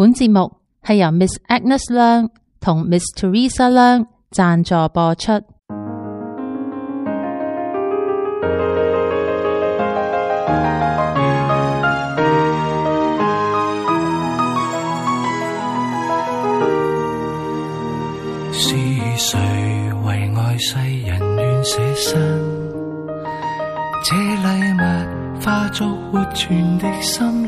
本節目係由 Miss Agnes 梁同 Miss Teresa 梁贊助播出。是誰為愛世人願捨身？這禮物化作活存的心。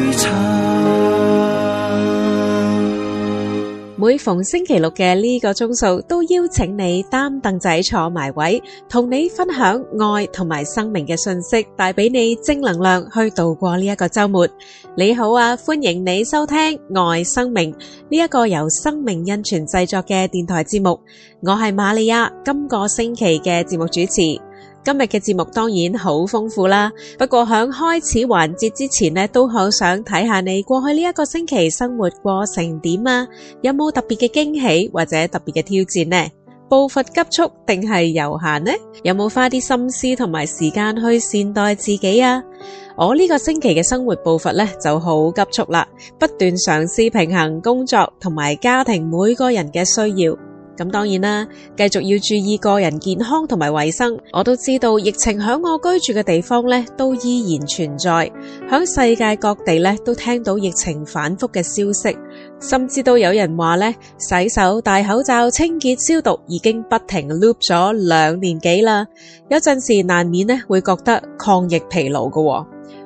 逢星期六嘅呢個鐘數都邀請你擔凳仔坐埋位，同你分享愛同埋生命嘅訊息，帶俾你正能量去度過呢一個周末。你好啊，歡迎你收聽愛生命,呢一個由生命恩泉製作嘅電台節目。我係瑪利亞，今個星期嘅節目主持。今日嘅節目當然好豐富啦，不過喺開始環節之前呢，都好想睇下你過去呢一個星期生活過成點啊？有冇特別嘅驚喜或者特別嘅挑戰呢？步伐急促定係悠閒呢？有冇花啲心思同埋時間去善待自己啊？我呢個星期嘅生活步伐呢就好急促啦，不斷嘗試平衡工作同埋家庭每個人嘅需要。咁當然啦，繼續要注意個人健康同埋衛生。我都知道疫情響我居住嘅地方咧，都依然存在，響世界各地咧都聽到疫情反復嘅消息，甚至都有人話咧，洗手、戴口罩、清潔、消毒已經不停 loop 咗兩年幾啦，有陣時難免呢會覺得抗疫疲勞嘅。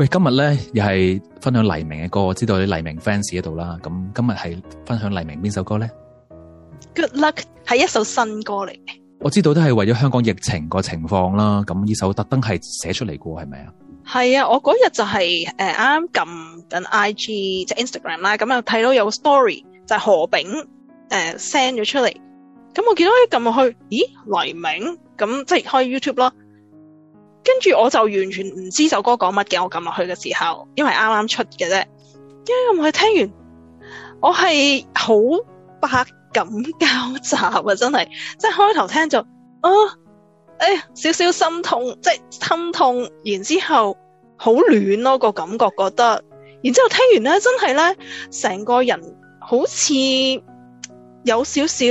喂，今日咧又係分享黎明嘅歌，我知道啲黎明 fans 喺度啦。咁今日係分享黎明邊首歌咧？Good luck 係一首新歌嚟。我知道都係為咗香港疫情個情況啦。咁呢首特登係寫出嚟個係咪啊？係啊，我嗰日就係誒啱啱撳緊 IG 即係 Instagram 啦，咁又睇到有個 story 就係何炳誒 send 咗出嚟。咁我見到一撳落去，咦，黎明咁，即係開 YouTube 啦。跟住我就完全唔知首歌講乜嘅，我撳落去嘅時候，因為啱啱出嘅啫。因為我係聽完，我係好百感交集啊！真係，即係開頭聽就啊，哎，少少心痛，即係心痛，然之後好暖咯，啊個感覺，覺得，然之後聽完咧，真係咧，成個人好似有少少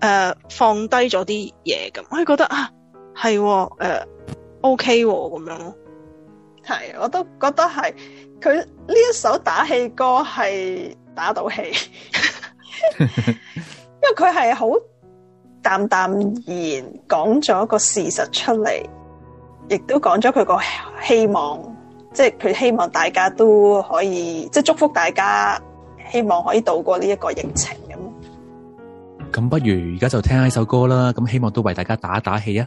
誒放低咗啲嘢咁，我係覺得啊，係誒、哦。呃 O K 喎，咁樣咯，係，我都覺得係，佢呢一首打氣歌係打到氣， 因為佢係好淡淡然講咗個事實出嚟，亦都講咗佢個希望，即係佢希望大家都可以，即係祝福大家，希望可以渡過呢一個疫情咁。咁 不如而家就聽下呢首歌啦，咁希望都為大家打一打氣啊！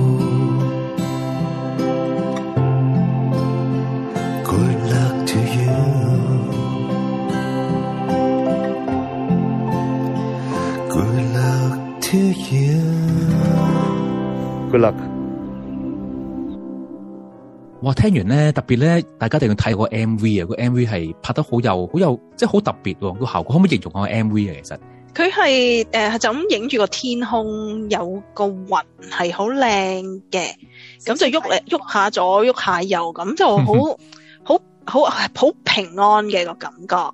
Good luck！哇聽完咧，特別咧，大家一定要睇個 M V 啊，個 M V 係拍得好有好有，即係好特別個效果，可唔可以形容下個 M V 啊？其實佢係誒就咁影住個天空，有個雲係好靚嘅，咁就喐嚟喐下左，喐下右，咁就好好好好平安嘅個感覺，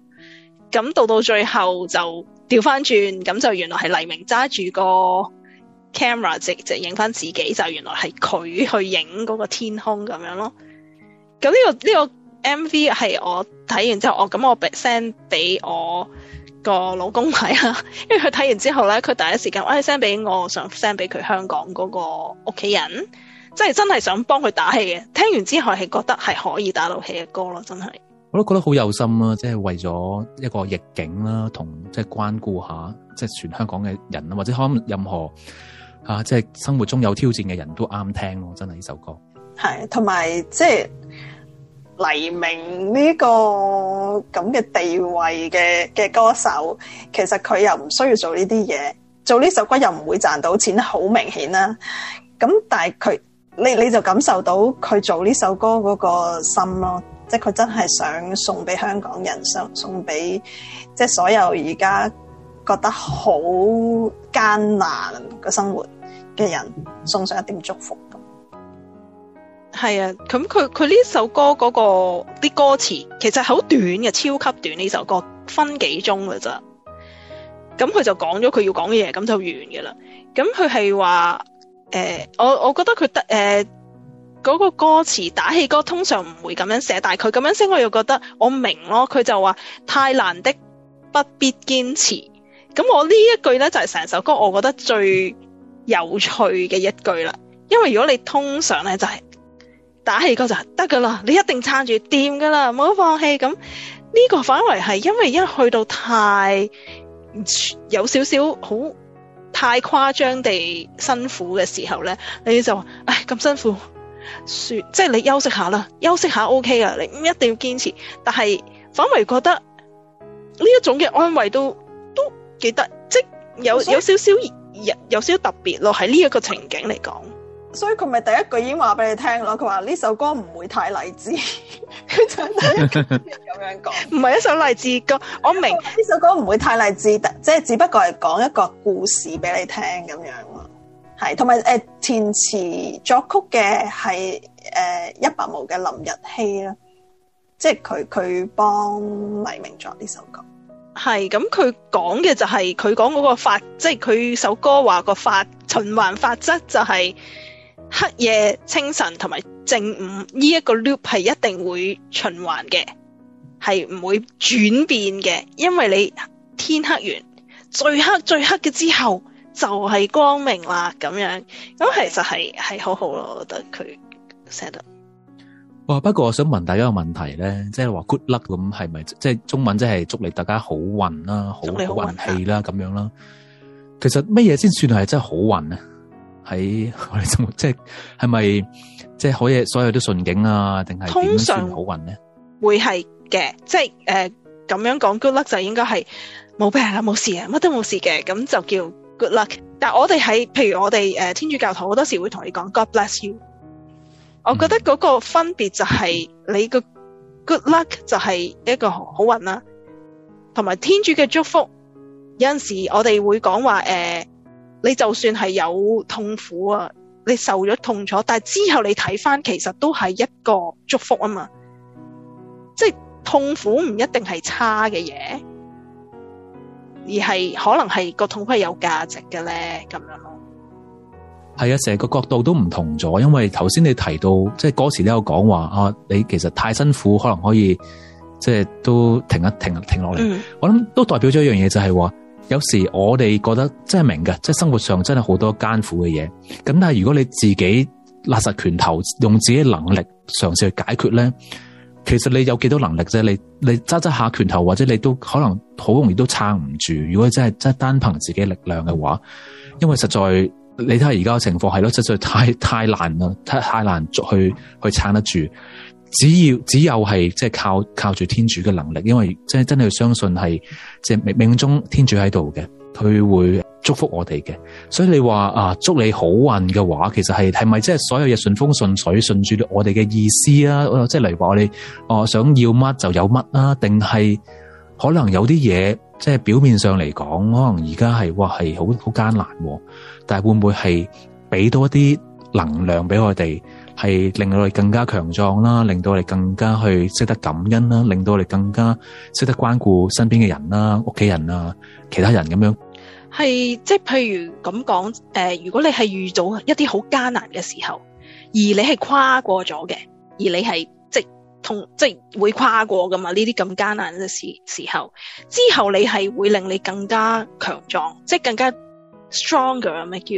咁到到最後就。調翻轉，咁就原來係黎明揸住個 camera 直直影翻自己，就原來係佢去影嗰個天空咁樣咯。咁呢個呢個 MV 係我睇完之後，哦，咁我 send 俾我個老公睇啦，因為佢睇完之後咧，佢第一時間、哎、我 send 俾我想 send 俾佢香港嗰個屋企人，即係真係想幫佢打氣嘅。聽完之後係覺得係可以打到氣嘅歌咯，真係。我都覺得好有心啦，即係為咗一個逆境啦，同即係關顧下，即係全香港嘅人啦，或者可能任何啊，即係生活中有挑戰嘅人都啱聽咯，真係呢首歌。係，同埋即係黎明呢個咁嘅地位嘅嘅歌手，其實佢又唔需要做呢啲嘢，做呢首歌又唔會賺到錢，好明顯啦。咁但係佢，你你就感受到佢做呢首歌嗰個心咯。即係佢真係想送俾香港人，生，送俾即係所有而家覺得好艱難嘅生活嘅人送上一點祝福。係啊，咁佢佢呢首歌嗰、嗰個啲歌詞其實好短嘅，超級短。呢首歌分幾鐘噶咋？咁佢就講咗佢要講嘅嘢，咁就完噶啦。咁佢係話誒，我我覺得佢得誒。呃嗰個歌詞打氣歌通常唔會咁樣寫，但係佢咁樣寫我又覺得我明咯。佢就話太難的，不必堅持，咁我呢一句呢，就係、是、成首歌我覺得最有趣嘅一句啦。因為如果你通常呢，就係、是、打氣歌就得噶啦，你一定撐住掂噶啦，唔好放棄。咁呢個反為係因為一去到太有少少好太誇張地辛苦嘅時候呢，你就話唉，咁辛苦。說即係你休息下啦，休息下 O K 啊，你唔一定要堅持，但係反為覺得呢一種嘅安慰都都幾得，即有以有少少有有少少特別咯，喺呢一個情景嚟講。所以佢咪第一句已經話俾你聽咯，佢話呢首歌唔會太勵志，佢就咁樣講，唔係 一首勵志歌。我明呢 首歌唔會太勵志，即係只不過係講一個故事俾你聽咁樣。係，同埋誒填詞作曲嘅係誒一百毛嘅林日曦啦，啊，即係佢佢幫黎明作呢首歌。係，咁佢講嘅就係佢講嗰個法，即係佢首歌話個法循環法則就係、是、黑夜清晨同埋正午呢一個 loop 係一定會循環嘅，係唔會轉變嘅，因為你天黑完最黑最黑嘅之後，就係光明啦，咁樣咁，樣其實係係好好咯。我覺得佢寫得哇。不過我想問大家一個問題咧、就是，即係話 good luck 咁，係咪即係中文，即係祝你大家好運啦，好運氣啦，咁、啊、樣啦。其實乜嘢先算係真係好運咧？喺我哋生活，即係係咪即係可以所有都順境啊？定係通常好運咧？會係嘅，即係誒咁樣講 good luck 就應該係冇病啦，冇事啊，乜都冇事嘅，咁就叫。Good luck，但係我哋喺譬如我哋誒、呃、天主教徒好多時會同你講 God bless you，我覺得嗰個分別就係、是、你個 good luck 就係一個好運啦、啊，同埋天主嘅祝福有陣時我哋會講話誒，你就算係有痛苦啊，你受咗痛楚，但係之後你睇返其實都係一個祝福啊嘛，即、就、係、是、痛苦唔一定係差嘅嘢。而係可能係個痛係有價值嘅咧，咁樣咯。係啊，成個角度都唔同咗，因為頭先你提到，即係嗰時都有講話啊，你其實太辛苦，可能可以即係都停一停，停落嚟。嗯，我諗都代表咗一樣嘢，就係話有時我哋覺得即係明嘅，即係生活上真係好多艱苦嘅嘢。咁但係如果你自己握實拳頭，用自己嘅能力嘗試去解決咧。其實你有幾多能力啫？你你揸揸下拳頭，或者你都可能好容易都撐唔住。如果真係真單憑自己力量嘅話，因為實在你睇下而家嘅情況係咯，實在太太難啦，太太難去去撐得住。只要只有係即係靠靠住天主嘅能力，因為真真係相信係即係命命中天主喺度嘅。佢會祝福我哋嘅，所以你話啊，祝你好運嘅話，其實係係咪即係所有嘢順風順水順住我哋嘅意思啊？即係例如話我哋哦、呃、想要乜就有乜啊？定係可能有啲嘢即係表面上嚟講，可能而家係哇係好好艱難、啊，但係會唔會係俾多啲能量俾我哋，係令到我哋更加強壯啦、啊，令到我哋更加去識得感恩啦、啊，令到我哋更加識得關顧身邊嘅人啦、啊、屋企人啊、其他人咁、啊、樣。係即係，譬如咁講誒，如果你係遇到一啲好艱難嘅時候，而你係跨過咗嘅，而你係即係同即係會跨過噶嘛？呢啲咁艱難嘅時時候，之後你係會令你更加強壯，即係更加 stronger 咪叫？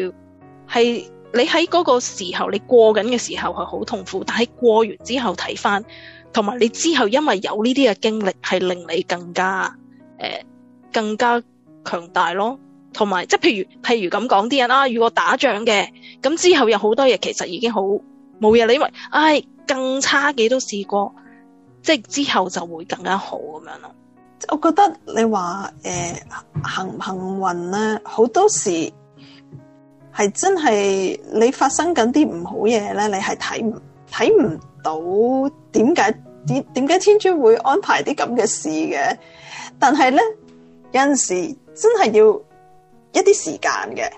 係你喺嗰個時候你過緊嘅時候係好痛苦，但係過完之後睇返，同埋你之後因為有呢啲嘅經歷，係令你更加誒、呃、更加強大咯。同埋，即係譬如譬如咁講啲人啊，如果打仗嘅，咁之後有好多嘢其實已經好冇嘢，你以為唉更差嘅都試過，即係之後就會更加好咁樣咯。即係我覺得你話誒幸唔幸運咧，好多時係真係你發生緊啲唔好嘢咧，你係睇唔睇唔到點解點點解天主會安排啲咁嘅事嘅？但係咧有陣時真係要。一啲時間嘅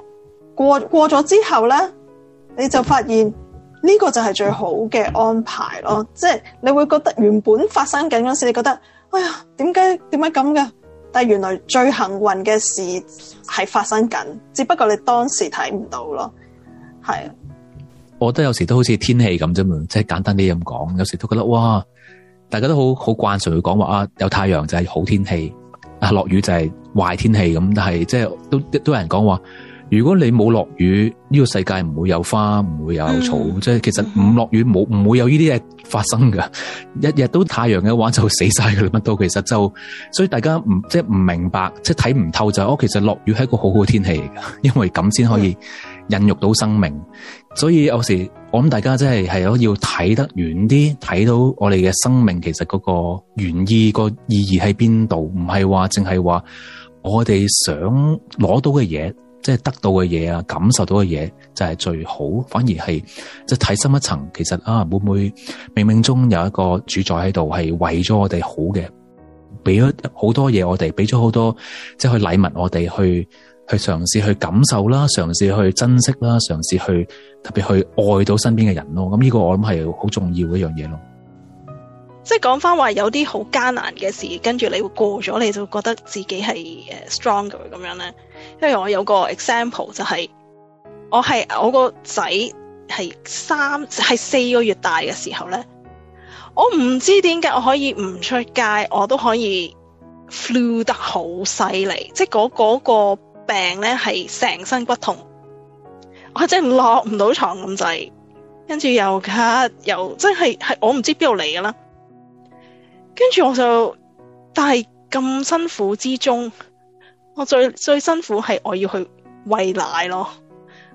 過過咗之後咧，你就發現呢個就係最好嘅安排咯，哇即係你會覺得原本發生緊嗰時，你覺得哎呀點解點解咁噶？但係原來最幸運嘅事係發生緊，只不過你當時睇唔到咯。係啊，我覺得有時都好似天氣咁啫嘛，即係簡單啲咁講，有時都覺得哇，大家都好好慣常去講話啊，說說有太陽就係好天氣。啊！落雨就係壞天氣咁，但係即係都都有人講話，如果你冇落雨，呢、這個世界唔會有花，唔會有草，即係、mm hmm. 其實唔落雨冇唔會有呢啲嘢發生噶。日日都太陽嘅話就死晒噶啦，乜都其實就，所以大家唔即係唔明白，即係睇唔透就係、哦，其實落雨係一個好好天氣嚟噶，因為咁先可以孕育到生命。所以有時我諗大家真係係可要睇得遠啲，睇到我哋嘅生命其實嗰個原意，個意義喺邊度？唔係話淨係話我哋想攞到嘅嘢，即係得到嘅嘢啊，感受到嘅嘢就係最好。反而係即係睇深一層，其實啊，會唔會冥冥中有一個主宰喺度係為咗我哋好嘅，俾咗好多嘢我哋，俾咗好多即係去禮物我哋去。去嘗試去感受啦，嘗試去珍惜啦，嘗試去特別去愛到身邊嘅人咯。咁、嗯、呢、這個我諗係好重要嘅一樣嘢咯。即係講返話有啲好艱難嘅事，跟住你會過咗，你就覺得自己係誒 strong 嘅、er、咁樣咧。因為我有個 example 就係、是、我係我個仔係三係四個月大嘅時候咧，我唔知點解我可以唔出街，我都可以 flu 得好犀利，即係嗰嗰個。那個病咧，係成身骨痛，我真係落唔到床咁滯，跟住又咳又真係係我唔知邊度嚟噶啦，跟住我就但係咁辛苦之中，我最最辛苦係我要去餵奶咯，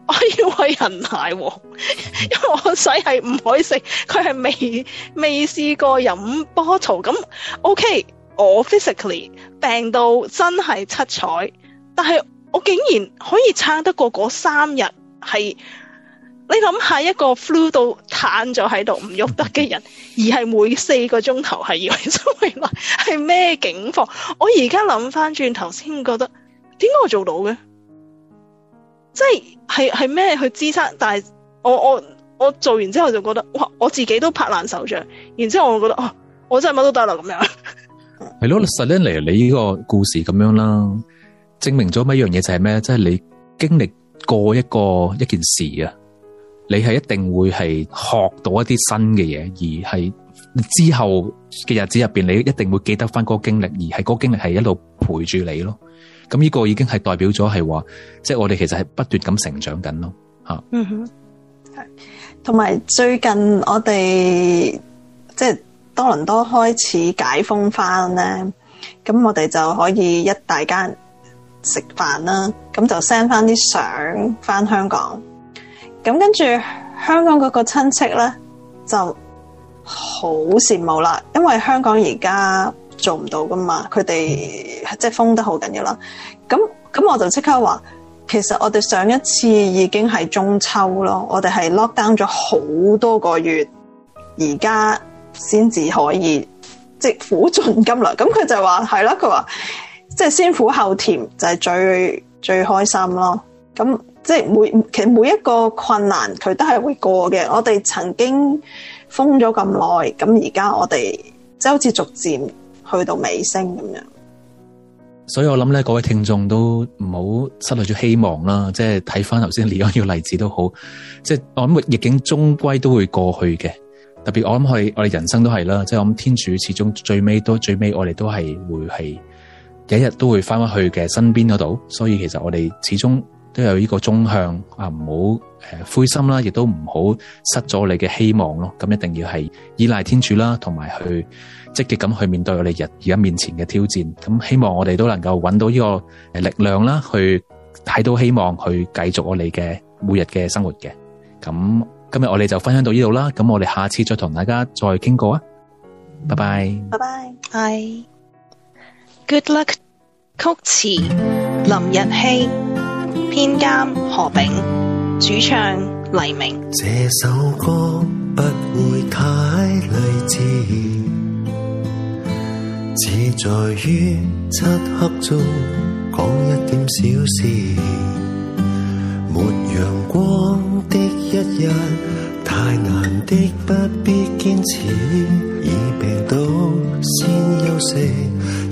我要餵人奶，因為我個仔係唔可以食，佢係未未試過飲 bottle 咁。OK，K，我 physically 病到真係七彩，但係。我竟然可以撐得過嗰三日，係你諗下一個 flu 到癱咗喺度唔喐得嘅人，而係每四個鐘頭係以為生命係咩境況？我而家諗翻轉頭先，覺得點解我做到嘅？即係係係咩去支撐？但係我我我做完之後就覺得，哇！我自己都拍爛手掌，然之後我就覺得，哦、啊，我真係乜都得啦咁樣。係咯，實拎嚟，你呢個故事咁樣啦。證明咗乜樣嘢就係咩？即係你經歷過一個一件事啊，你係一定會係學到一啲新嘅嘢，而係之後嘅日子入邊，你一定會記得翻嗰個經歷，而係嗰個經歷係一路陪住你咯。咁呢個已經係代表咗係話，即係我哋其實係不斷咁成長緊咯。吓，嗯哼，係，同埋最近我哋即係多倫多開始解封翻咧，咁我哋就可以一大間。食飯啦，咁就 send 翻啲相翻香港，咁跟住香港嗰個親戚咧就好羨慕啦，因為香港而家做唔到噶嘛，佢哋即係封得好緊要啦。咁咁我就即刻話，其實我哋上一次已經係中秋咯，我哋係 lock down 咗好多個月，而家先至可以即係苦盡甘來。咁佢就話係啦，佢話。即係先苦後甜就係、是、最最開心咯，咁即係每其實每一個困難佢都係會過嘅。我哋曾經封咗咁耐，咁而家我哋即係好似逐漸去到尾聲咁樣。所以我諗咧，各位聽眾都唔好失去咗希望啦。即係睇翻頭先李安嘅例子都好，即係我諗逆境終歸都會過去嘅。特別我諗去我哋人生都係啦，即係我諗天主始終最尾都最尾我哋都係會係日日都會翻返去嘅身邊嗰度，所以其實我哋始終都有呢個忠向啊，唔好誒灰心啦，亦都唔好失咗你嘅希望咯。咁一定要係依賴天主啦，同埋去積極咁去面對我哋日而家面前嘅挑戰。咁希望我哋都能夠揾到呢個力量啦，去睇到希望去繼續我哋嘅每日嘅生活嘅。咁今日我哋就分享到呢度啦。咁我哋下次再同大家再傾過啊！拜拜，拜拜，係。Good luck！曲詞林日曦，編監何炳，主唱黎明。這首歌不會太勵志，只在於漆黑中講一點小事。沒陽光的一日太難的，不必堅持，以病倒先休息。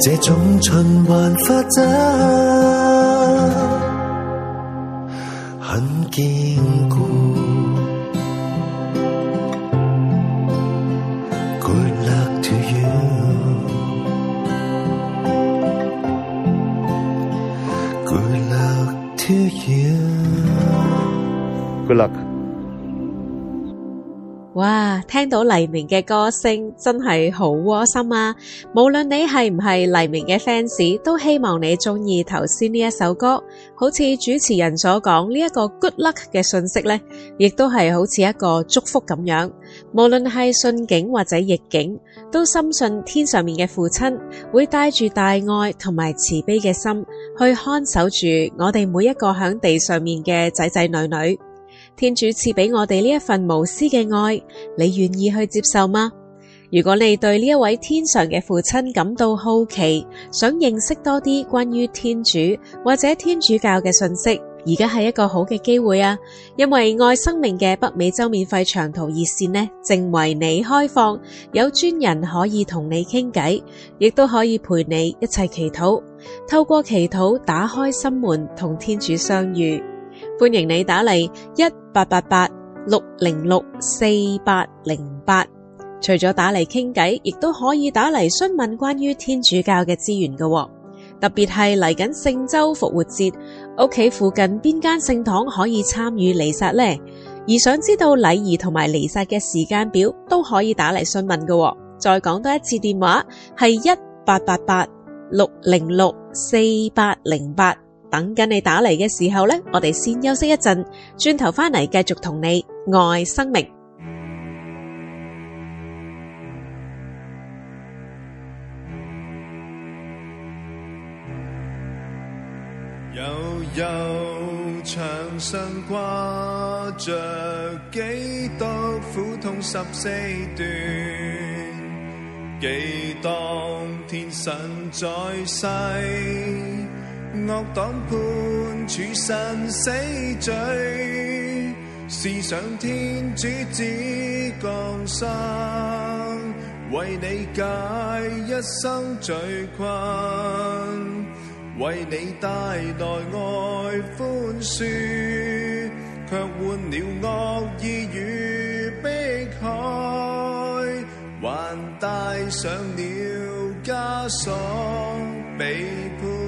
這種循環法則很堅固。聽到黎明嘅歌聲，真係好窩心啊！無論你係唔係黎明嘅 fans，都希望你中意頭先呢一首歌。好似主持人所講，呢一個 good luck 嘅信息呢，亦都係好似一個祝福咁樣。無論係順境或者逆境，都深信天上面嘅父親會帶住大愛同埋慈悲嘅心，去看守住我哋每一個響地上面嘅仔仔女女。天主賜俾我哋呢一份無私嘅愛，你願意去接受嗎？如果你對呢一位天上嘅父親感到好奇，想認識多啲關於天主或者天主教嘅信息，而家係一個好嘅機會啊！因為愛生命嘅北美洲免費長途熱線呢，正為你開放，有專人可以同你傾偈，亦都可以陪你一齊祈禱，透過祈禱打開心門，同天主相遇。歡迎你打嚟，一八八八六零六四八零八，除咗打嚟傾偈，亦都可以打嚟詢問關於天主教嘅資源㗎喎，特別係嚟緊聖周復活節，屋企附近邊間聖堂可以參與彌撒呢？而想知道禮儀同埋彌撒嘅時間表，都可以打嚟詢問㗎喎。再講多一次電話係一八八八六零六四八零八。等緊你打嚟嘅時候呢，我哋先休息一陣，轉頭翻嚟繼續同你愛生命。悠悠牆上掛着幾多苦痛十四段，記當天神在世。惡黨判處神死罪，是上天主旨降生，為你解一生罪困，為你帶來愛寬恕，卻換了惡意與迫害，還帶上了枷鎖，被判。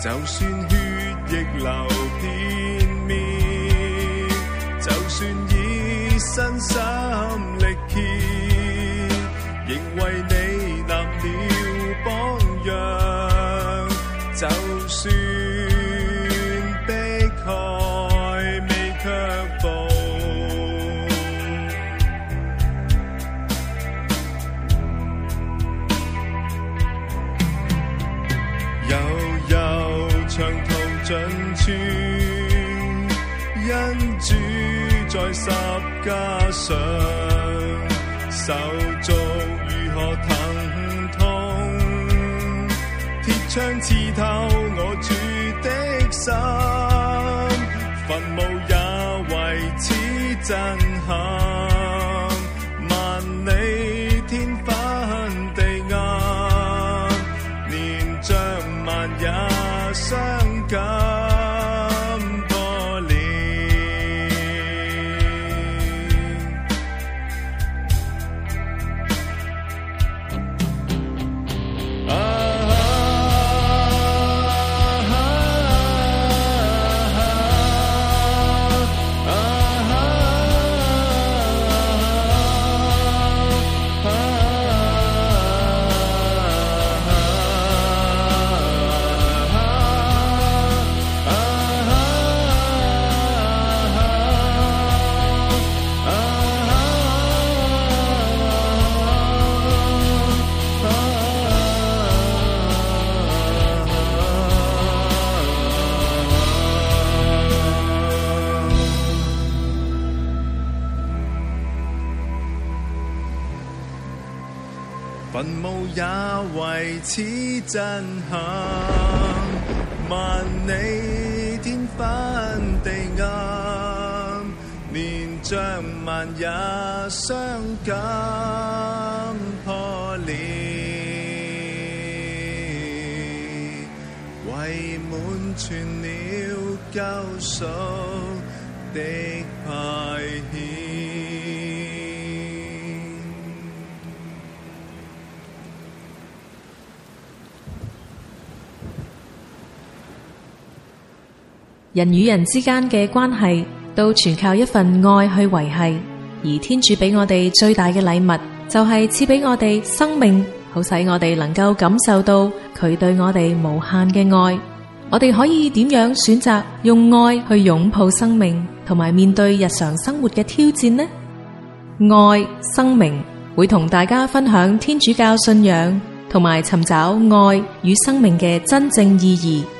就算血液流。加上手足如何疼痛，鐵槍刺透我主的心，墳墓也為此震。墳墓也為此震撼，萬里天昏地暗，連帳幔也傷感破裂，為滿全了救贖的排。人與人之間嘅關係，都全靠一份愛去維繫。而天主俾我哋最大嘅禮物，就係賜俾我哋生命，好使我哋能夠感受到佢對我哋無限嘅愛。我哋可以點樣選擇用愛去擁抱生命，同埋面對日常生活嘅挑戰呢？愛、生命，會同大家分享天主教信仰，同埋尋找愛與生命嘅真正意義。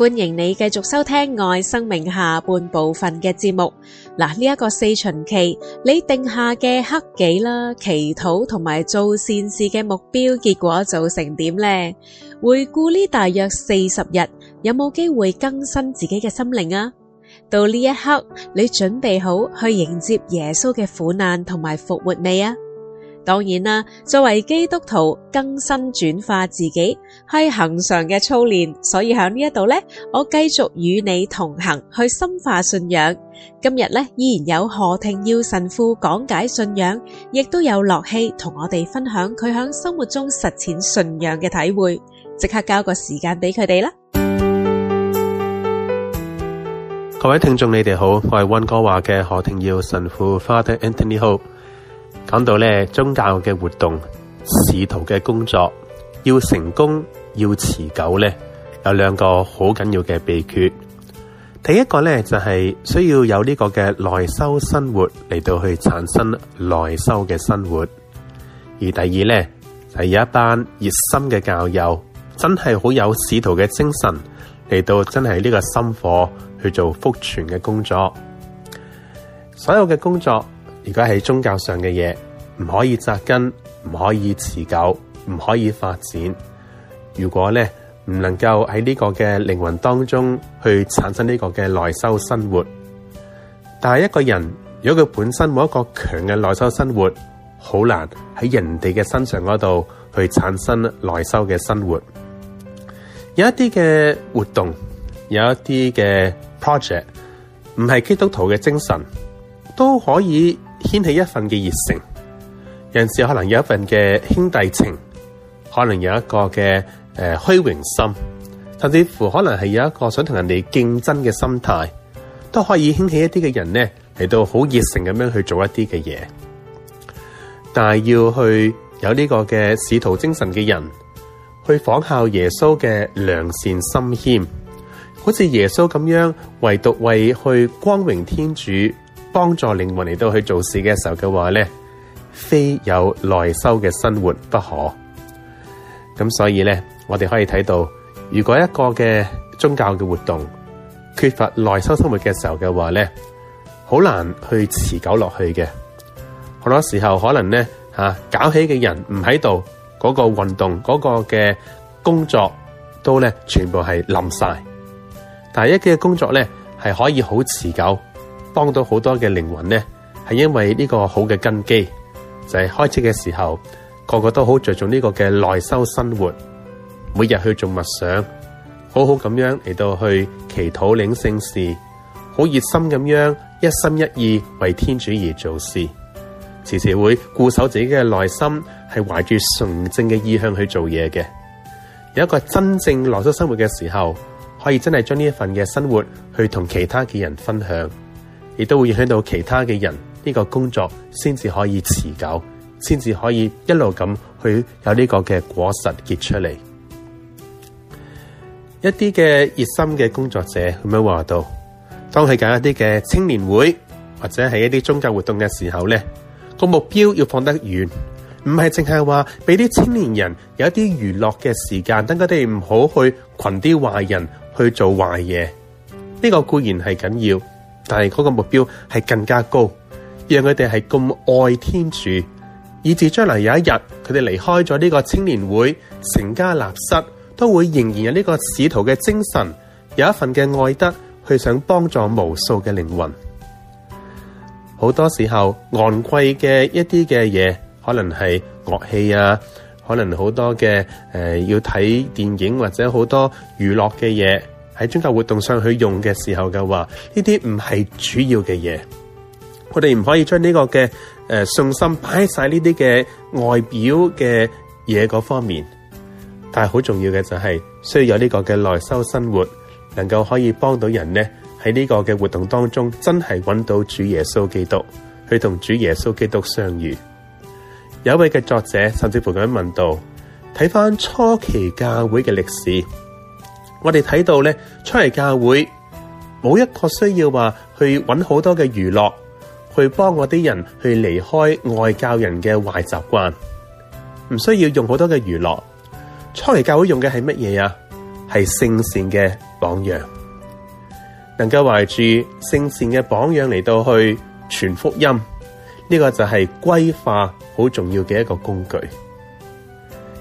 歡迎你繼續收聽《愛生命》下半部分嘅節目。嗱，呢一個四旬期，你定下嘅克己啦，祈禱同埋做善事嘅目標，結果做成點呢？回顧呢大約四十日，有冇機會更新自己嘅心靈啊？到呢一刻，你準備好去迎接耶穌嘅苦難同埋復活未啊？當然啦，作為基督徒更新轉化自己係恆常嘅操練，所以喺呢一度呢，我繼續與你同行去深化信仰。今日呢，依然有何庭耀神父講解信仰，亦都有樂器同我哋分享佢喺生活中實踐信仰嘅體會。即刻交個時間俾佢哋啦！各位聽眾，你哋好，我係溫哥華嘅何庭耀神父 Father Anthony Ho。講到咧宗教嘅活動、使徒嘅工作要成功、要持久咧，有兩個好緊要嘅秘訣。第一個咧就係、是、需要有呢個嘅內修生活嚟到去產生內修嘅生活，而第二咧係、就是、有一班熱心嘅教友，真係好有使徒嘅精神嚟到真係呢個心火去做福傳嘅工作，所有嘅工作。如果喺宗教上嘅嘢唔可以紮根，唔可以持久，唔可以發展。如果咧唔能夠喺呢個嘅靈魂當中去產生呢個嘅內修生活，但係一個人如果佢本身冇一個強嘅內修生活，好難喺人哋嘅身上嗰度去產生內修嘅生活。有一啲嘅活動，有一啲嘅 project，唔係基督徒嘅精神都可以。掀起一份嘅熱誠，有陣時可能有一份嘅兄弟情，可能有一個嘅誒、呃、虛榮心，甚至乎可能係有一個想同人哋競爭嘅心態，都可以掀起一啲嘅人呢嚟到好熱誠咁樣去做一啲嘅嘢。但係要去有呢個嘅使徒精神嘅人，去仿效耶穌嘅良善心謙，好似耶穌咁樣，唯獨為去光榮天主。幫助靈魂嚟到去做事嘅時候嘅話咧，非有內修嘅生活不可。咁所以咧，我哋可以睇到，如果一個嘅宗教嘅活動缺乏內修生活嘅時候嘅話咧，好難去持久落去嘅。好多時候可能咧吓搞起嘅人唔喺度，嗰個運動嗰個嘅工作都咧全部係冧晒。但係一個嘅工作咧係可以好持久。幫到好多嘅靈魂呢，係因為呢個好嘅根基，就係、是、開始嘅時候，個個都好着重呢個嘅內修生活，每日去做默想，好好咁樣嚟到去祈禱、領、領聖事，好熱心咁樣一心一意為天主而做事，時時會固守自己嘅內心，係懷住純正嘅意向去做嘢嘅。有一個真正內修生活嘅時候，可以真係將呢一份嘅生活去同其他嘅人分享。亦都會影響到其他嘅人，呢個工作先至可以持久，先至可以一路咁去有呢個嘅果實結出嚟。一啲嘅熱心嘅工作者咁樣話到當佢搞一啲嘅青年會或者係一啲宗教活動嘅時候，呢個目標要放得遠，唔係淨係話俾啲青年人有一啲娛樂嘅時間，等佢哋唔好去群啲壞人去做壞嘢。呢、呢個固然係緊要。但係嗰個目標係更加高，讓佢哋係咁愛天主，以至將來有一日佢哋離開咗呢個青年會，成家立室，都會仍然有呢個使徒嘅精神，有一份嘅愛德去想幫助無數嘅靈魂。好多時候昂貴嘅一啲嘅嘢，可能係樂器啊，可能好多嘅誒、呃、要睇電影或者好多娛樂嘅嘢。喺宗教活動上去用嘅時候嘅話，呢啲唔係主要嘅嘢，我哋唔可以將呢個嘅誒、呃、信心擺晒呢啲嘅外表嘅嘢嗰方面。但係好重要嘅就係、是、需要有呢個嘅內修生活，能夠可以幫到人呢喺呢個嘅活動當中，真係揾到主耶穌基督去同主耶穌基督相遇。有一位嘅作者甚至乎咁樣問道：睇返初期教會嘅歷史。我哋睇到咧，初嚟教會冇一個需要話去揾好多嘅娛樂，去幫我啲人去離開外教人嘅壞習慣，唔需要用好多嘅娛樂。初嚟教會用嘅係乜嘢啊？係聖善嘅榜樣，能夠懷住聖善嘅榜樣嚟到去傳福音，呢個就係歸化好重要嘅一個工具。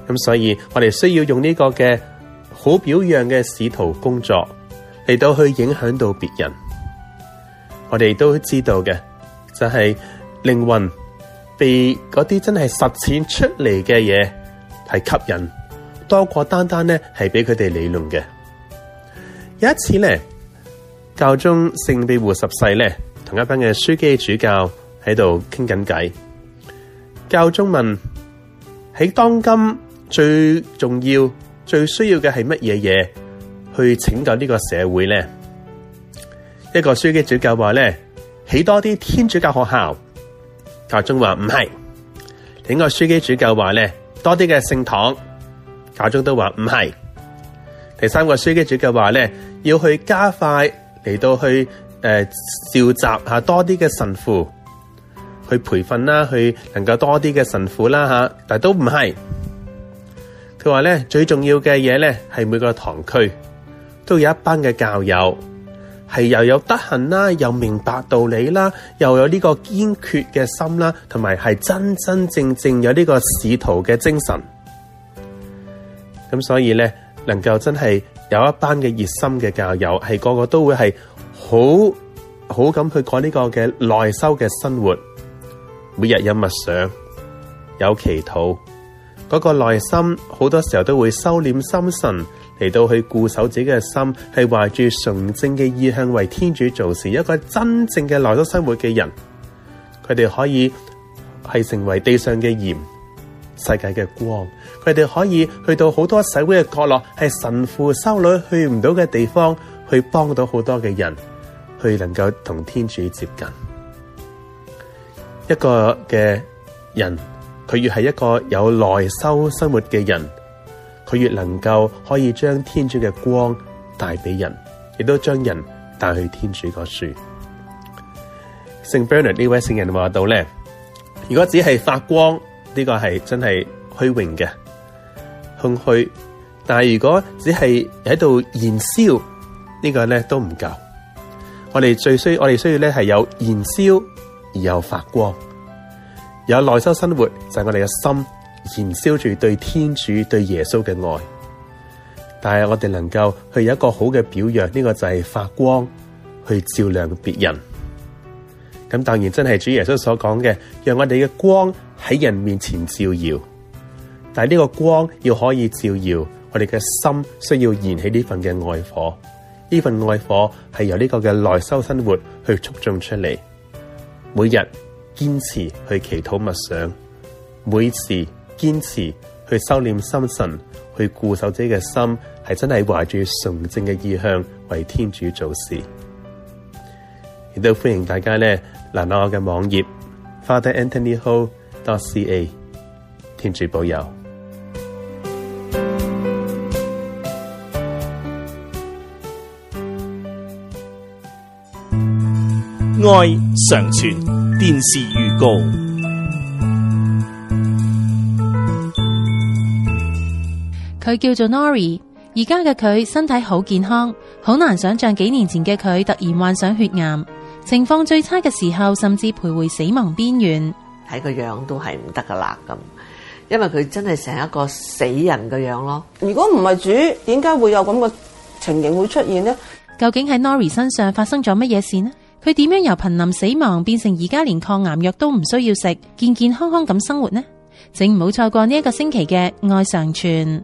咁所以，我哋需要用呢個嘅。好表揚嘅使徒工作嚟到去影響到別人，我哋都知道嘅就係、是、靈魂被嗰啲真係實踐出嚟嘅嘢係吸引多過單單咧係俾佢哋理論嘅。有一次咧，教宗聖庇護十世咧，同一班嘅樞機主教喺度傾緊偈，教宗問喺當今最重要。最需要嘅係乜嘢嘢去拯救呢個社會咧？一個書記主教話咧，起多啲天主教學校，教宗話唔係。另一個書記主教話咧，多啲嘅聖堂，教宗都話唔係。第三個書記主教話咧，要去加快嚟到去誒、呃、召集下多啲嘅神父去培訓啦，去能夠多啲嘅神父啦吓，但係都唔係。佢話最重要嘅嘢咧，係每個堂區都有一班嘅教友，係又有德行啦，又明白道理啦，又有呢個堅決嘅心啦，同埋係真真正正有呢個使徒嘅精神。咁所以呢，能夠真係有一班嘅熱心嘅教友，係個個都會係好好咁去過呢個嘅內修嘅生活，每日有默想，有祈禱。嗰個內心好多時候都會收斂心神嚟，到去固守自己嘅心，係懷住純正嘅意向為天主做事，一個真正嘅內心生活嘅人，佢哋可以係成為地上嘅鹽，世界嘅光。佢哋可以去到好多社會嘅角落，係神父修女去唔到嘅地方，去幫到好多嘅人，去能夠同天主接近。一個嘅人。佢越係一個有內修生活嘅人，佢越能夠可以將天主嘅光帶俾人，亦都將人帶去天主個樹。聖 Bernard 呢位聖人話到咧：如果只係發光，呢、呢個係真係虛榮嘅空虛；但係如果只係喺度燃燒，呢個、呢個咧都唔夠。我哋最需我哋需要咧係有燃燒，而有發光。有內修生活就係、是，我哋嘅心燃燒住對天主、對耶穌嘅愛，但係我哋能夠去有一個好嘅表樣，呢、這個就係發光去照亮別人。咁當然真係主耶穌所講嘅，讓我哋嘅光喺人面前照耀。但係呢個光要可以照耀，我哋嘅心需要燃起呢份嘅愛火，呢份愛火係由呢個嘅內修生活去促進出嚟，每日。堅持去祈禱默想，每次堅持去收斂心神，去固守自己嘅心，係真係懷住純正嘅意向為天主做事。亦都歡迎大家呢，瀏覽我嘅網頁 ，Father Anthony Ho dot CA。天主保佑。愛常傳電視預告。佢叫做 Nori，而家嘅佢身體好健康，好難想象幾年前嘅佢突然患上血癌，情況最差嘅時候甚至徘徊死亡邊緣。睇個樣都係唔得噶啦咁，因為佢真係成一個死人嘅樣咯。如果唔係主，點解會有咁嘅情形會出現呢？究竟喺 Nori 身上發生咗乜嘢事呢？佢點樣由瀕臨死亡變成而家連抗癌藥都唔需要食，健健康康咁生活呢？請唔好錯過呢一個星期嘅愛常傳。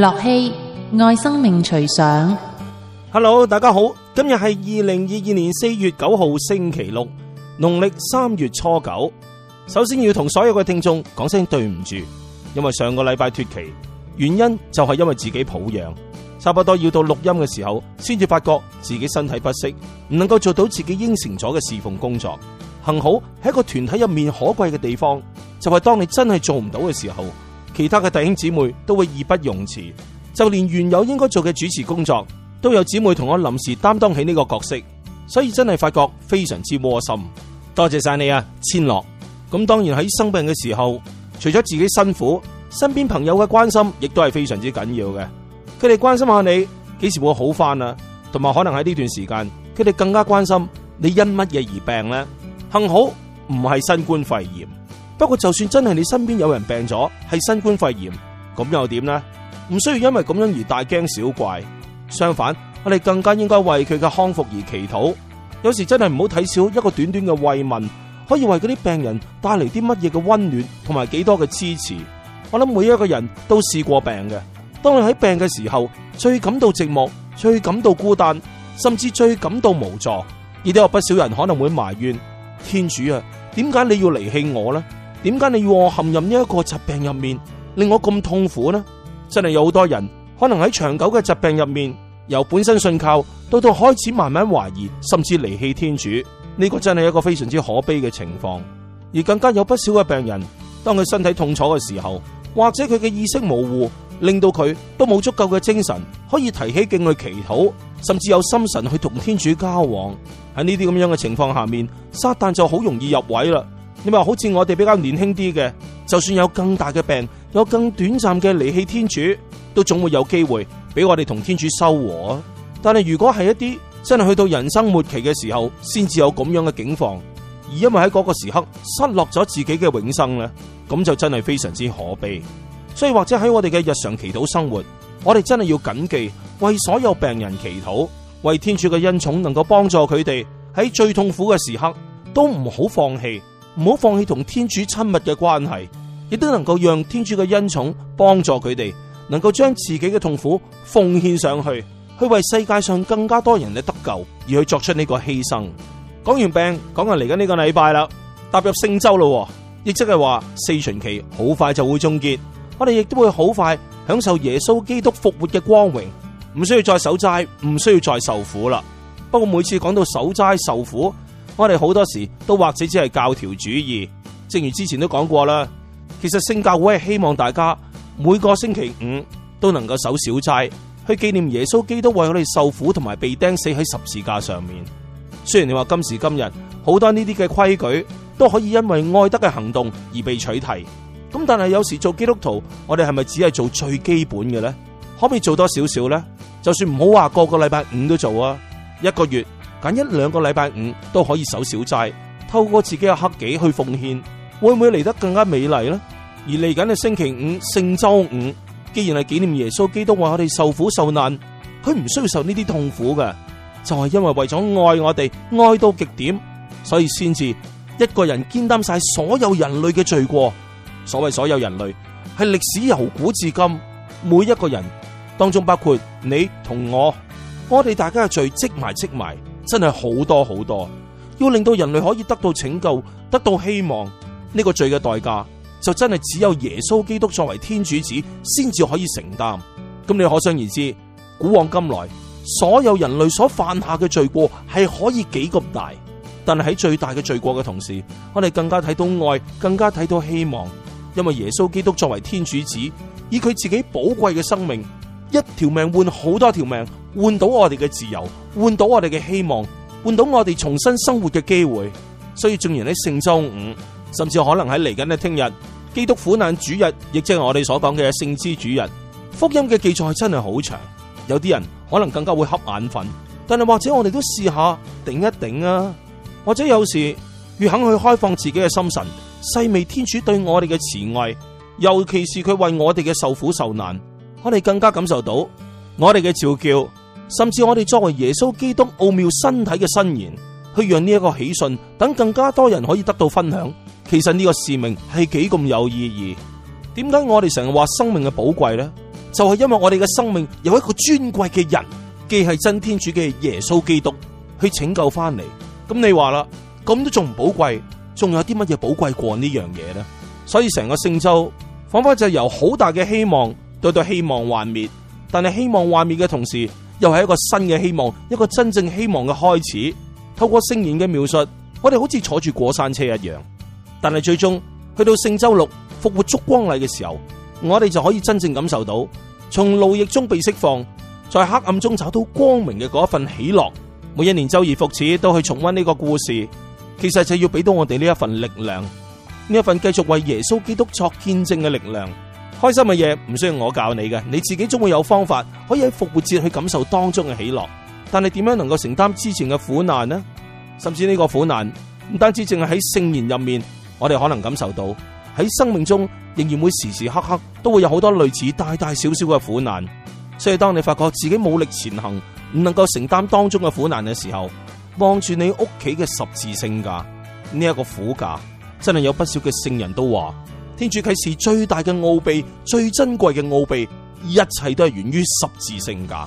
樂器愛生命隨想，Hello，大家好，今日係二零二二年四月九號星期六，農曆三月初九。首先要同所有嘅聽眾講聲對唔住，因為上個禮拜脫期，原因就係因為自己抱恙，差不多要到錄音嘅時候，先至發覺自己身體不適，唔能夠做到自己應承咗嘅侍奉工作。幸好喺一個團體入面可貴嘅地方，就係當你真係做唔到嘅時候，其他嘅弟兄姊妹都會義不容辭，就連原有應該做嘅主持工作，都有姊妹同我臨時擔當起呢個角色，所以真係發覺非常之窩心。多謝晒你啊，千樂。咁當然喺生病嘅時候，除咗自己辛苦，身邊朋友嘅關心亦都係非常之緊要嘅。佢哋關心下你幾時會好返呀，同埋可能喺呢段時間，佢哋更加關心你因乜嘢而病呢？幸好唔係新冠肺炎。不過就算真係你身邊有人病咗，係新冠肺炎，咁又點呢？唔需要因為咁樣而大驚小怪，相反，我哋更加應該為佢嘅康復而祈禱。有時真係唔好睇少一個短短嘅慰問，可以為嗰啲病人帶嚟啲乜嘢嘅溫暖，同埋幾多嘅支持。我諗每一個人都試過病嘅，當你喺病嘅時候，最感到寂寞，最感到孤單，甚至最感到無助，亦都有不少人可能會埋怨：「天主啊，點解你要離棄我呢？點解你要我陷入呢一個疾病入面，令我咁痛苦呢？真係有好多人可能喺長久嘅疾病入面，由本身信靠到到開始慢慢懷疑，甚至離棄天主，呢、這個真係一個非常之可悲嘅情況。而更加有不少嘅病人，當佢身體痛楚嘅時候，或者佢嘅意識模糊，令到佢都冇足夠嘅精神可以提起勁去祈禱，甚至有心神去同天主交往。喺呢啲咁樣嘅情況下面，撒旦就好容易入位啦。你話好似我哋比較年輕啲嘅，就算有更大嘅病，有更短暫嘅離棄天主，都總會有機會俾我哋同天主修和。但係如果係一啲真係去到人生末期嘅時候，先至有咁樣嘅境況，而因為喺嗰個時刻失落咗自己嘅永生呢，咁就真係非常之可悲。所以或者喺我哋嘅日常祈禱生活，我哋真係要謹記，為所有病人祈禱，為天主嘅恩寵能夠幫助佢哋喺最痛苦嘅時刻都唔好放棄。唔好放棄同天主親密嘅關係，亦都能夠讓天主嘅恩寵幫助佢哋，能夠將自己嘅痛苦奉獻上去，去為世界上更加多人嘅得救而去作出呢個犧牲。講完病，講緊嚟緊呢個禮拜啦，踏入聖週咯，亦即係話四旬期好快就會終結，我哋亦都會好快享受耶穌基督復活嘅光榮，唔需要再守齋，唔需要再受苦啦。不過每次講到守齋受苦，我哋好多時都或者只係教條主義，正如之前都講過啦。其實聖教會係希望大家每個星期五都能夠守小齋，去紀念耶穌基督為我哋受苦同埋被釘死喺十字架上面。雖然你話今時今日好多呢啲嘅規矩都可以因為愛德嘅行動而被取締，咁但係有時做基督徒，我哋係咪只係做最基本嘅呢？可唔可以做多少少呢？就算唔好話個個禮拜五都做啊，一個月。揀一兩個禮拜五都可以守小齋，透過自己嘅黑己去奉獻，會唔會嚟得更加美麗呢？而嚟緊嘅星期五、聖周五，既然係紀念耶穌基督為我哋受苦受難，佢唔需要受呢啲痛苦嘅，就係、是、因為為咗愛我哋，愛到極點，所以先至一個人肩擔晒所有人類嘅罪過。所謂所有人類，係歷史由古至今每一個人當中，包括你同我，我哋大家嘅罪積埋積埋。真係好多好多，要令到人類可以得到拯救，得到希望，呢個罪嘅代價就真係只有耶穌基督作為天主子先至可以承擔。咁你可想而知，古往今來所有人類所犯下嘅罪過係可以幾咁大，但係喺最大嘅罪過嘅同時，我哋更加睇到愛，更加睇到希望，因為耶穌基督作為天主子，以佢自己寶貴嘅生命。一條命換好多條命，換到我哋嘅自由，換到我哋嘅希望，換到我哋重新生活嘅機會。所以，縱然喺聖周五，甚至可能喺嚟緊嘅聽日，基督苦難主日，亦即係我哋所講嘅聖枝主日，福音嘅記載真係好長。有啲人可能更加會瞌眼瞓，但係或者我哋都試下頂一頂啊。或者有時越肯去開放自己嘅心神，細味天主對我哋嘅慈愛，尤其是佢為我哋嘅受苦受難。我哋更加感受到我哋嘅召叫，甚至我哋作為耶穌基督奧妙身體嘅伸延，去讓呢一個喜訊等更加多人可以得到分享。其實呢個使命係幾咁有意義？點解我哋成日話生命嘅寶貴咧？就係因為我哋嘅生命有一個尊貴嘅人，既係真天主嘅耶穌基督去拯救翻嚟。咁你話啦，咁都仲唔寶貴？仲有啲乜嘢寶貴過呢樣嘢咧？所以成個聖周，仿佛就由好大嘅希望。對，對希望幻滅，但係希望幻滅嘅同時，又係一個新嘅希望，一個真正希望嘅開始。透過聖言嘅描述，我哋好似坐住過山車一樣，但係最終去到聖周六復活燭光禮嘅時候，我哋就可以真正感受到從勞役中被釋放，在黑暗中找到光明嘅嗰一份喜樂。每一年周而復始都去重溫呢個故事，其實就要俾到我哋呢一份力量，呢一份繼續為耶穌基督作見證嘅力量。開心嘅嘢唔需要我教你嘅，你自己總會有方法，可以喺復活節去感受當中嘅喜樂。但係點樣能夠承擔之前嘅苦難呢？甚至呢個苦難唔單止淨係喺聖言入面，我哋可能感受到喺生命中仍然會時時刻刻都會有好多類似大大小小嘅苦難。所以當你發覺自己冇力前行，唔能夠承擔當中嘅苦難嘅時候，望住你屋企嘅十字聖架呢一個苦架，真係有不少嘅聖人都話。天主啟示最大嘅奧秘，最珍貴嘅奧秘，一切都係源於十字聖架。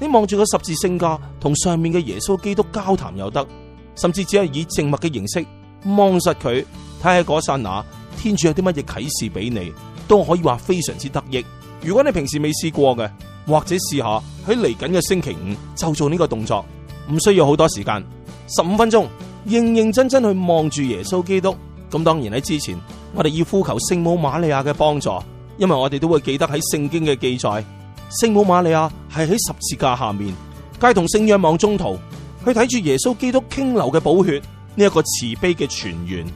你望住個十字聖架，同上面嘅耶穌基督交談又得，甚至只係以，以靜默嘅形式望實佢，睇下嗰剎那，天主有啲乜嘢啟示俾你，都可以話非常之得益。如果你平時未試過嘅，或者試下喺嚟緊嘅星期五就做呢個動作，唔需要好多時間，十五分鐘，認認真真去望住耶穌基督。咁當然喺之前。我哋要呼求聖母瑪利亞嘅幫助，因為我哋都會記得喺聖經嘅記載，聖母瑪利亞係喺十字架下面，偕同聖若望中途，佢睇住耶穌基督傾流嘅寶血，呢一個慈悲嘅泉源，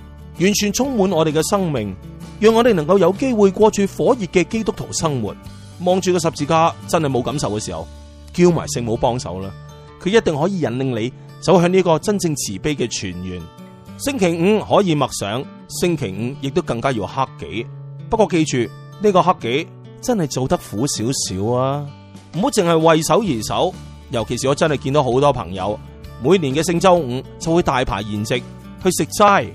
完全充滿我哋嘅生命，讓我哋能夠有機會過住火熱嘅基督徒生活。望住個十字架真係冇感受嘅時候，叫埋聖母幫手啦，佢一定可以引領你走向呢個真正慈悲嘅泉源。星期五可以默想，星期五亦都更加要克己。不過記住呢、這個克己真係做得苦少少啊！唔好淨係為手而手，尤其是我真係見到好多朋友每年嘅聖周五就會大排筵席去食齋。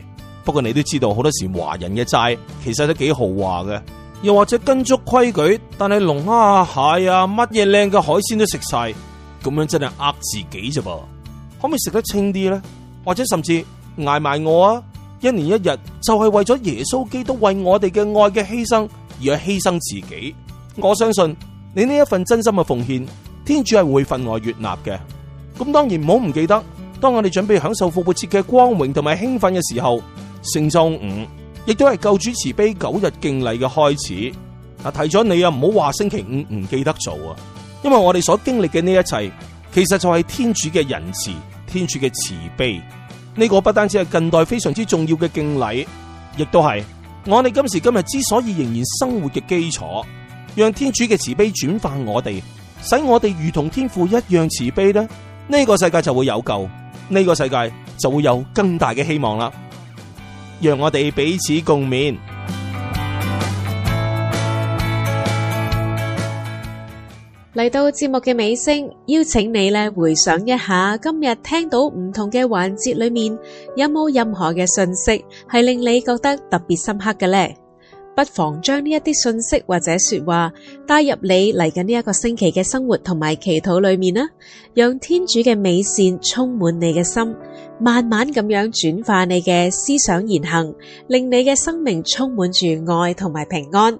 不過你都知道好多時華人嘅齋其實都幾豪華嘅，又或者跟足規矩，但係龍蝦啊、蟹啊乜嘢靚嘅海鮮都食晒，咁樣真係呃自己咋噃。可唔可以食得清啲咧？或者甚至？捱埋我啊！一年一日就係為咗耶穌基督為我哋嘅愛嘅犧牲而去犧牲自己。我相信你呢一份真心嘅奉獻，天主係會分外悅納嘅。咁當然唔好唔記得，當我哋準備享受復活節嘅光榮同埋興奮嘅時候，聖周五亦都係救主慈悲九日敬禮嘅開始。嗱，提咗你啊，唔好話星期五唔記得做啊，因為我哋所經歷嘅呢一切，其實就係天主嘅仁慈，天主嘅慈悲。呢個不單止係近代非常之重要嘅敬禮，亦都係我哋今時今日之所以仍然生活嘅基礎。讓天主嘅慈悲轉化我哋，使我哋如同天父一樣慈悲咧，呢個世界就會有救，呢個世界就會有更大嘅希望啦。讓我哋彼此共勉。嚟到節目嘅尾聲，邀請你咧回想一下今日聽到唔同嘅環節裏面，有冇任何嘅信息係令你覺得特別深刻嘅咧？不妨將呢一啲信息或者說話帶入你嚟緊呢一個星期嘅生活同埋祈禱裏面啦，讓天主嘅美善充滿你嘅心，慢慢咁樣轉化你嘅思想言行，令你嘅生命充滿住愛同埋平安。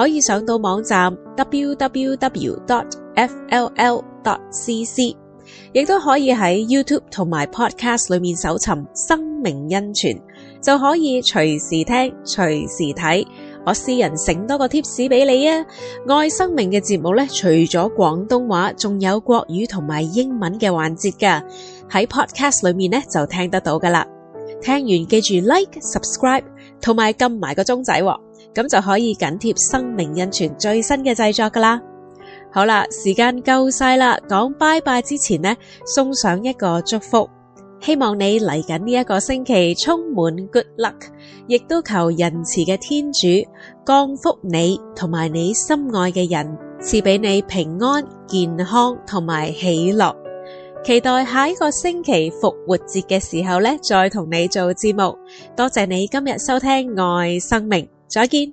可以上到網站 www.dot.fll.dot.cc，亦都可以喺 YouTube 同埋 Podcast 裏面搜尋生命恩泉，就可以隨時聽、隨時睇。我私人整多個 tips 俾你啊！愛生命嘅節目咧，除咗廣東話，仲有國語同埋英文嘅環節噶。喺 Podcast 裏面咧就聽得到噶啦。聽完記住 Like、Subscribe 同埋撳埋個鐘仔。咁就可以緊貼生命恩泉最新嘅製作㗎啦。好啦，時間夠曬啦，講拜拜之前呢，送上一個祝福，希望你嚟緊呢一個星期充滿 good luck，亦都求仁慈嘅天主，降福你同埋你心愛嘅人，賜俾你平安、健康同埋喜樂。期待下一個星期復活節嘅時候呢，再同你做節目，多謝你今日收聽愛生命再見。